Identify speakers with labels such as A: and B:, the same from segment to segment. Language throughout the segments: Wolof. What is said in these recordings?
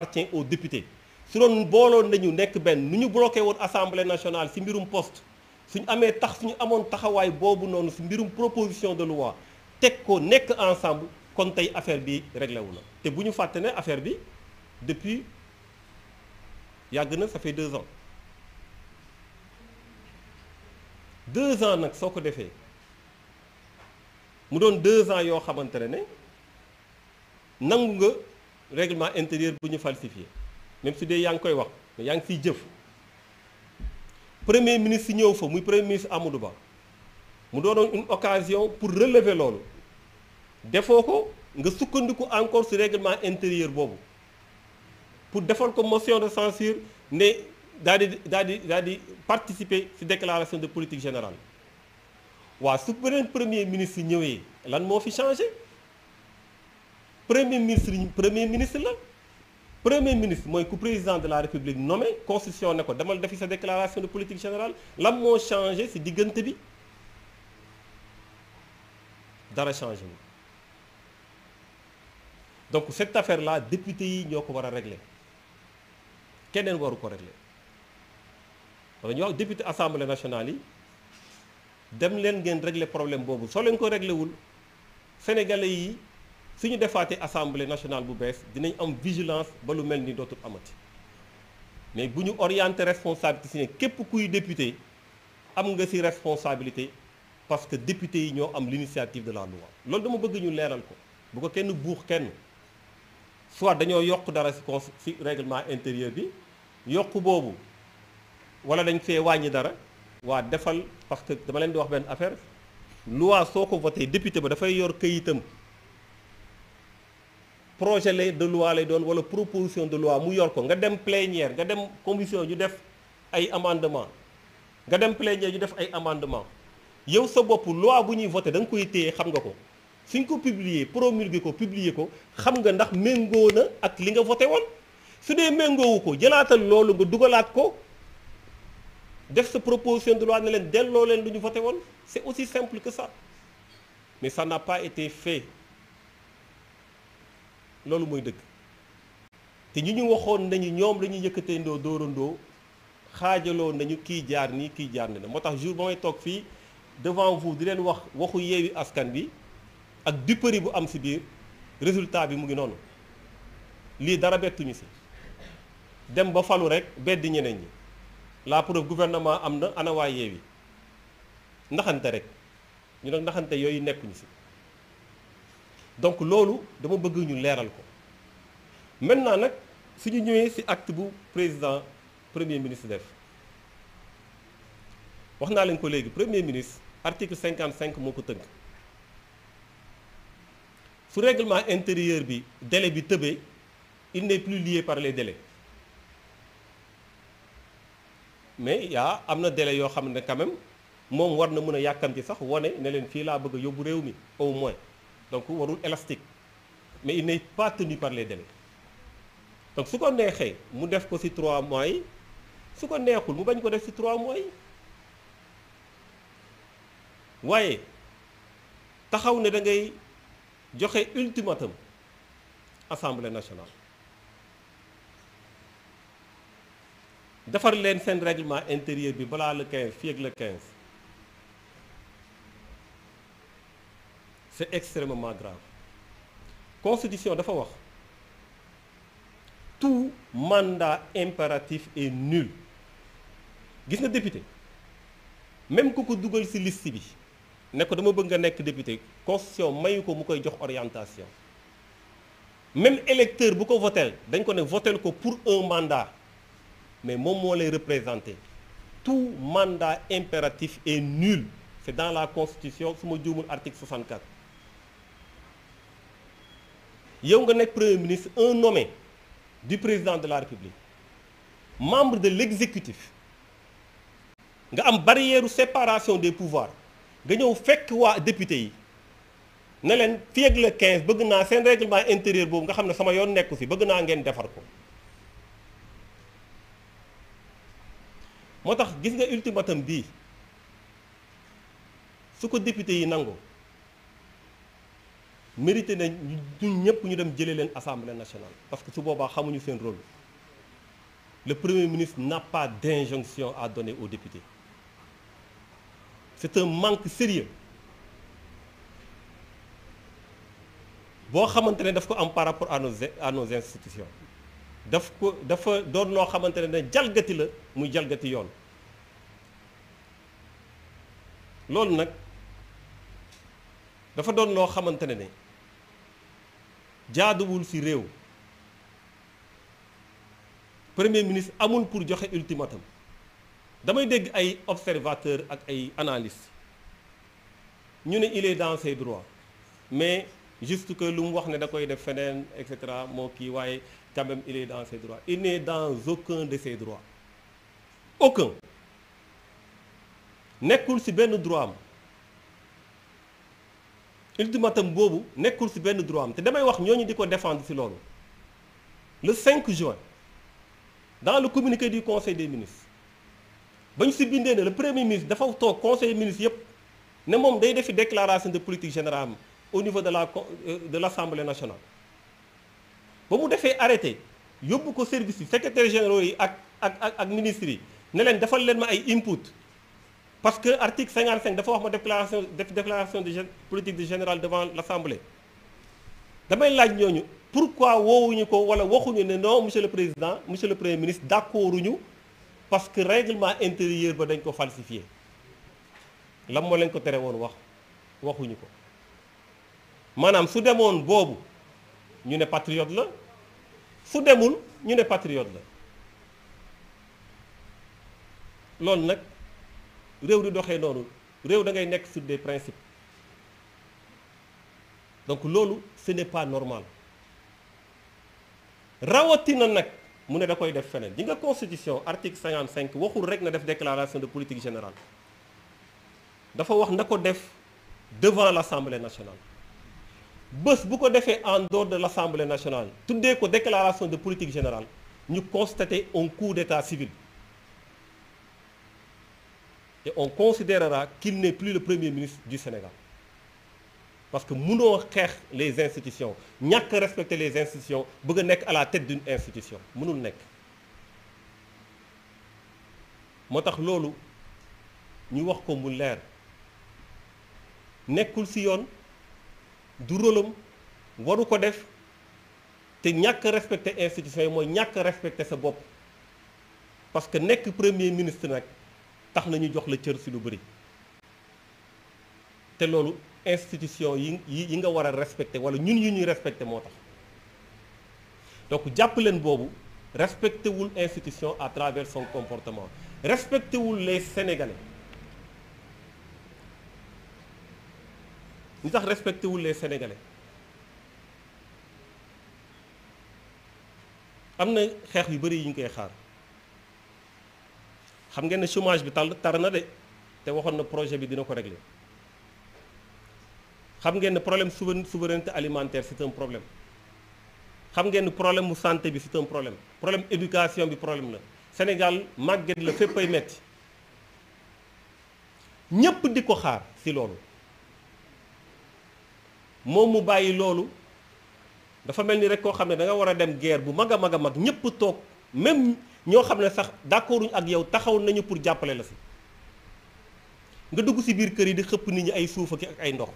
A: appartient au députés su doon booloon nañu nekk benn nu ñu bloqué woon assemblée national si mbirum post suñu amee tax suñu amoon taxawaay boobu noonu si mbirum proposition de loi teg ko nekk ensemble kon tey affaire bi réglé wu na te bu ñu fàtte affaire bi depuis yàgg na ça fait deux ans deux ans nag soo ko defee mu doon deux ans yoo xamante ne nangu nga. règlement intérieur bu ñu falsifié même su de yaa ngi koy wax mais yaa ngi siy jëf premier ministre ñëw fa muy premier ministre Amadou Ba mu doonoon une occasion pour relever loolu defoo ko nga sukkandiku encore si règlement intérieur boobu pour defal ko motion de censure ne daal di daal di daal di participer si déclaration de politique général waa su beneen premier ministre ñëwee lan moo fi changé premier ministre yi premier ministre la premier ministre mooy ku président de la république nommé constitution ne ko demal defi sa déclaration de politique générale la moo changé ci diggante bi dara changé wu donc cette affaire la député yi ñoo ko war a régle keneen waru ko régler wala ñu wax député assemblée nationale yi dem leen ngeen régler problème boobu soo leen ko réglewul sénégalais yi. su ñu defaatee assemblée nationale bu bees dinañ am vigilance ba lu mel ni dootul amati mais bu ñu orienté responsabilité si ne képp kuy député am nga si responsabilité parce que député yi ñoo am l'initiative de la loi loolu dama bëgg ñu leeral ko bu ko kenn buux kenn soit dañoo yokk dara si con si règlement intérieur bi yokk boobu wala dañ fee wàññi dara waa defal parce que dama leen di wax benn affaire loi soo ko voté député ba dafay yor këyitam projet lay de loi doon wala proposition de loi mu yor ko nga dem plénière nga dem commission ñu def ay amendement nga dem plénière ñu def ay amendement yow sa bopp loi bu ñuy voté danga koy téye xam nga ko suñ ko publier promulguer ko publier ko xam nga ndax méngoo na ak li nga voté woon su dee méngoowu ko jëlaatal loolu nga dugalaat ko def sa proposition de loi ne leen delloo leen lu ñu vote woon c'est aussi simple que ça mais ça n'a pas été loolu mooy dëkk te ñu ñu waxoon nañu ñoom la ñuy yëkkateendoo dóorandoo xaajaloo nañu kii jaar nii kii jaar na moo tax jour ba may toog fii devant vous di leen wax waxu yeewi askan bi ak duppari bu am si biir résultat bi mu ngi noonu lii dara bettuñu si dem ba falu rek beddi ñeneen ñi la preuve gouvernement am na anawaay yeewi naxante rek ñu nag naxante yooyu nekkuñu si donc loolu dama bëgg ñu leeral ko maintenant nag suñu ñëwee ci acte bu président premier ministre def wax naa leen ko léegi premier ministre article 55 moo ko tënk su règlement intérieur bi délai bi tëbee il n'est plus lié par les délais mais yaa am na délai yoo xam ne quand même moom war na mën a yàkkam ci sax wane ne leen fii laa bëgg a yóbbu réew mi au moins donc warul élastique mais il n'est pas tenu par les délais donc su ko neexee mu def ko ci trois mois yi su ko neexul mu bañ ko def ci trois mois yi waaye taxaw ne da ngay joxe ultimatum assemblée nationale defar leen seen règlement intérieur bi balaa la 15 fii ak le 15. c'est extrêmement grave constitution dafa wax tout mandat impératif et nul gis nga député même ku ko dugal ci liste bi ne ko dama bëgg nga nekk député constitution mayu ko mu koy jox orientation même électeur bu ko votel dañ ko ne votel ko pour un mandat mais moom moo lay représenté tout mandat impératif et nul c'est dans la constitution su ma juumul article yow nga nekk premier ministre un nommé di président de la république membre de l'exécutif nga am barrière séparation des pouvoirs nga ñëw fekk waa député yi ne leen fii ak le quinze bëgg naa seen règlement intérieur boobu nga xam ne sama yoon nekku si bëgg naa ngeen defar ko moo tax gis nga ultimatum bii su ko député yi nangoo mérité nañ ñun ñëpp ñu dem jëlee leen assemblée nationale parce que su boobaa xamuñu seen rôle le premier ministre n'a pas d'injonction à donner aux députés c'est un manque sérieux boo xamante ne daf ko am par rapport à nos à nos institutions daf ko dafa doon loo xamante ne jalgati la muy jalgati yoon loolu nag dafa doon loo xamante ne ne jaaduwul ci réew premier ministre amul pour joxe ultimatum damay dégg ay observateur ak ay analyste ñu ne il est dans ses mais juste que lu mu wax ne da koy def feneen et cetera moo kii waaye quand même il est dans ses droits il n'est dans aucun de ses droits aucun nekkul ci benn droit am ultimatum boobu nekkul ci benn droit am te damay wax ñooñu di ko défendre ci loolu le 5 juin dans le communiqué du conseil des ministres ba ñu ci bindee ne le premier ministre dafa toog conseil des ministres yëpp ne moom day defi déclaration de politique général au niveau de la euh, de l'Assemblée nationale ba mu defee arrêté yóbbu ko service yi secretaire généraux yi ak ak ak ak ministres yi ne leen defal leen ma ay input parce que article 55 dafa wax ma déclaration def déclaration de politique de générale devant l'Assemblée damay laaj ñooñu pourquoi woowuñu ko wala waxuñu ne non monsieur le président monsieur le premier ministre d'accorduñu parce que règlement intérieur ba dañ ko falsifié lan moo leen ko tere woon wax waxuñu ko maanaam su demoon boobu ñu ne patriote la su demul ñu ne patriote la loolu nag réew di doxe noonu réew da ngay nekk sur des principes donc loolu ce n'est pas normal rawatina nag mu ne da koy def feneen ñi nga constitution article 55 waxul rek na def déclaration de politique générale dafa wax na ko def devant l'Assemblée nationale bés bu ko defee en dehors de l'Assemblée nationale tuddee ko déclaration de politique générale ñu constater un coup d'état civil et on considérera qu'il n'est plus le premier ministre du Sénégal parce que mënoo xeex les institutions ñàkk respecter les institutions bëgg a nekk à la tête d'une mënul nekk moo tax loolu ñu wax ko mu leer nekkul si yoon du rôlam waru ko def te ñàkk respecter institutions yi mooy ñàkk respecte sa bopp parce que nekk premier ministre nag tax nañu jox la cër si lu bëri te loolu institution yi yi nga war a respecté wala ñun yu ñuy respecté moo tax donc jàpp leen boobu respecté wul institution à travers son comportement respecté wul les sénégalais ñi tax respecté wul les am na xeex yu bëri yi ñu koy xaar. xam ngeen ne chômage bi tal tar na de te waxoon na projet bi dina ko régler xam ngeen ne problème souveraineté alimentaire c'est un problème xam ngeen ne problème mu santé bi c'est un problème problème éducation bi problème la Sénégal màgget la fépp ay metti ñépp di ko xaar ci loolu moom mu bàyyi loolu dafa mel ni rek koo xam ne da war a dem guerre bu mag a mag a mag ñépp toog même ñoo xam ne sax d'accorduñ ak yow taxaw nañu pour jàppale la si nga dugg si biir kër yi di xëpp nit ñi ay suuf ak ay ndox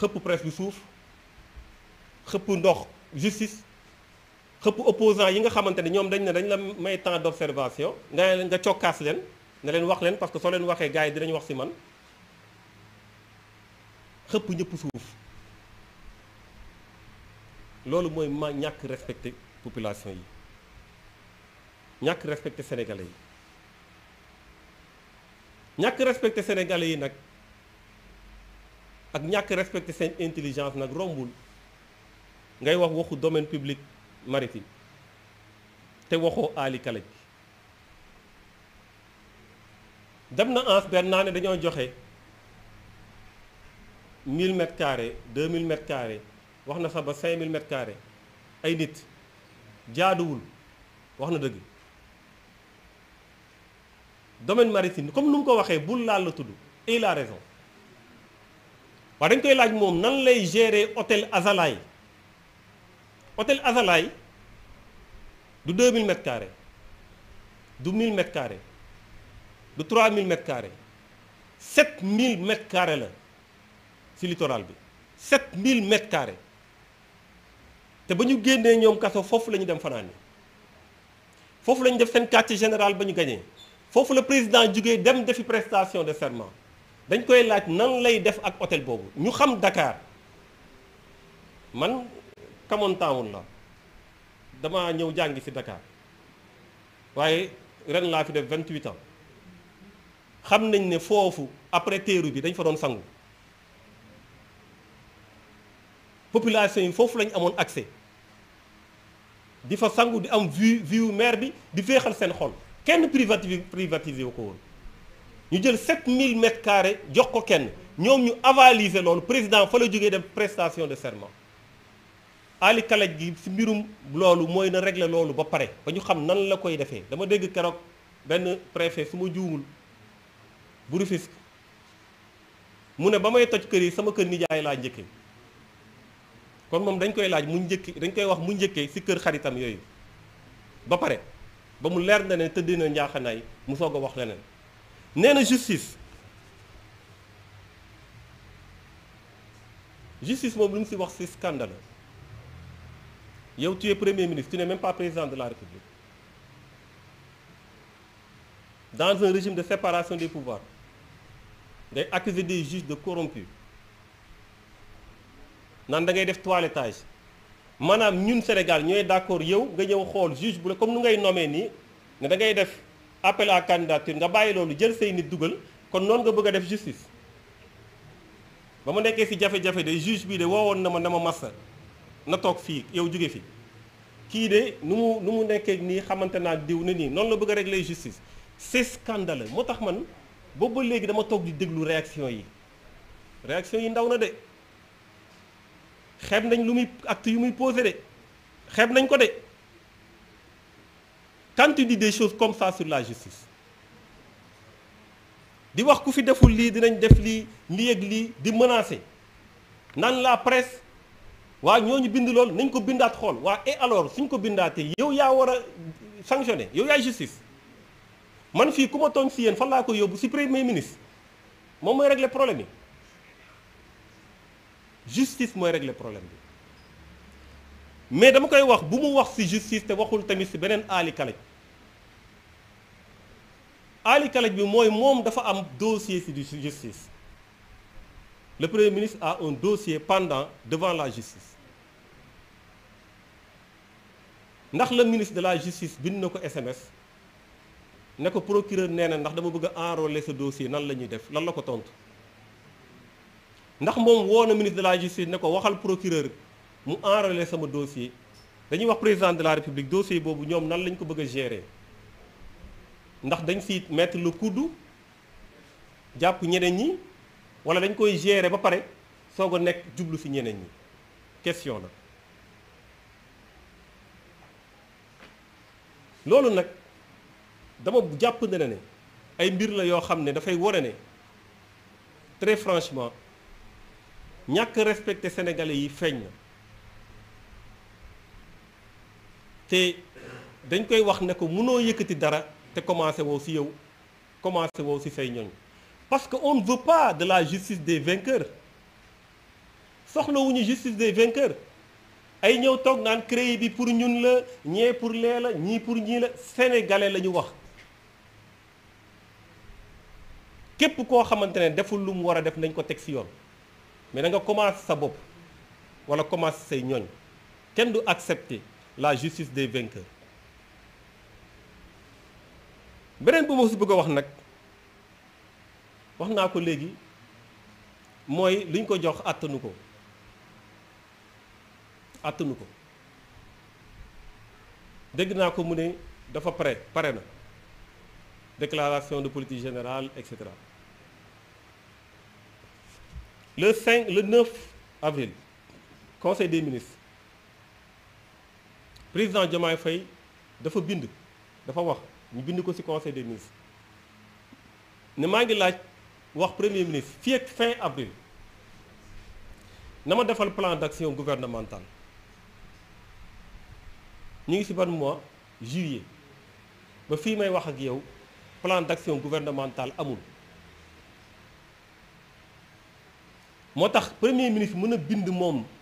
A: xëpp presse bi suuf xëpp ndox justice xëpp opposant yi nga xamante ne ñoom dañ ne dañ la may temps d'observation nga nga cokkaas leen ne leen wax leen parce que soo leen waxee gars yi wax si man xëpp ñëpp suuf loolu mooy ma ñàkk respecté population yi ñàkk respecté sénégalais yi ñàkk respecté sénégalais yi nag ak ñàkk respecté seen intelligence nag rombul ngay wax waxu domaine public maritime te waxoo aali kalaj bi dem na ans benn naa ne dañoo joxe 1000 mètres carrés 2000 mètres wax na fa ba 5000 mètres carrés ay nit jaaduwul wax na dëgg domaine maritime comme nu mu ko waxee bul laal la tudd et il raison waaye dañ koy laaj moom nan lay gérer hôtel Azalaï hôtel azalay du 2000 mètres carrés du 1000 mètres carrés du 3000 mètres carrés 7000 mètres carrés la ci littoral bi 7000 mètres carrés. te ba ñu génnee ñoom kaso foofu lañu dem fanaan foofu lañu def seen quartier général ba ñu gañee foofu la président jógee dem defi prestation de serment dañ koy laaj nan lay def ak hôtel boobu ñu xam dakaar man kamoon taawun la dama ñëw jàngi si Dakar waaye ren laa fi def 28 ans xam nañ ne foofu après teeru bi dañ fa doon sangu population yi foofu lañu amoon accès di fa sangu di am vue vue mer bi di féexal seen xol kenn privati privatisé wu ko woon ñu jël 7000 mètres carrés jox ko kenn ñoom ñu avalisé loolu président fa la jógee dem prestation de serment Ali Kalaj gi si mbirum loolu mooy na régler loolu ba pare ba ñu xam nan la koy defee dama dégg keroog benn préfet su ma juumul bu mu ne ba may toj kër yi sama kër nijaay laa njëkkee kon moom dañ koy laaj mu njëkki dañ koy wax mu njëkkee si kër xaritam yooyu ba pare ba mu leer na ne tëdd na njaaxanaay mu soog wax leneen nee na justice justice moom lu mu si wax si scandale yow tu premier ministre tu n'es même pas président de la république dans un régime de séparation des pouvoirs ngay accuser des juges de corrompus naan dangay ngay def toilettage maanaam ñun Sénégal ñooy d'accord yow nga ñëw xool juge bu la comme nu ngay noomee nii ne da ngay def appel à candidature nga bàyyi loolu jël say nit dugal kon noonu nga bëgg a def justice ba ma nekkee ci jafe-jafe de juge bii de woowoon na ma na ma massa na toog fii yow jóge fi kii de nu mu nu mu nekkee nii xamante naa diw na nii noonu la bëgg a lay justice c'est scandaleux moo tax man boobu ba léegi dama toog di déglu réaction yi réaction yi ndaw na de xeeb nañ lu muy act yu muy posé de xeeb nañ ko de quand tu dis des choses comme ça sur la justice di wax ku fi deful lii dinañ def lii lii ak lii di menacer nan la press waa ñoo ñu bind lool nañ ko bindaat xool waa et alors suñ ko bindaatee yow yaa war a sanctionné yow yaay justice man fii ku ma tooñ si yeen fan laa ko yóbbu si premier ministre moom mooy regle problème yi justice mooy régler problème bi mais dama koy wax bu mu wax ci justice te waxul tamit ci beneen aali kalaj aali kalaj bi mooy moom dafa am dossier ci justice le premier ministre a un dossier pendant devant la justice ndax la ministre de la justice bind na ko SMS ne ko procureur nee na ndax dama bëgg a enrôler ce dossier nan la ñuy def lan la ko tontu. ndax moom woo na ministre de la justice ne ko waxal procureur mu enrôler sama dossier dañuy wax président de la république dossier boobu ñoom nan lañ ko bëgg a gérer ndax dañ si mettre le coude jàpp ñeneen ñi wala dañ koy gérer ba pare soog a nekk jublu si ñeneen ñi question la loolu nag dama jàpp ne ne ay mbir la yoo xam ne dafay wone ne très franchement ñàkk respecté sénégalais yi feeñ na te dañ koy wax ne ko mënoo yëkkati dara te commencé woow si yow commencé woow si say ñoñ parce que on ne veut pas de la justice des vainqueurs soxlawuñu justice des vainqueurs ay ñëw toog naan créé bi pour ñun la ñee pour lee la ñii pour ñii la sénégalais la ñu wax képp koo xamante ne deful lu mu war a def nañ ko teg si yoon mais da nga commence sa bopp wala commence say ñooñ kenn du accepter la justice des vainqueurs beneen bu ma si bëgg a wax nag wax naa ko léegi mooy li ko jox àttanu ko àttanu ko dégg naa ko mu ne dafa pare pare na déclaration de politique général et cetera le 5 le 9 avril conseil des ministres président Diomaye fay dafa bind dafa wax ñu bind ko ci conseil des ministres ne maa ngi laaj wax premier ministre fii ak fin avril na ma defal plan d'action gouvernementale ñu ngi ci ban mois juillet ba fii may wax ak yow plan d'action gouvernementale amul. moo tax premier ministre mën a bind moom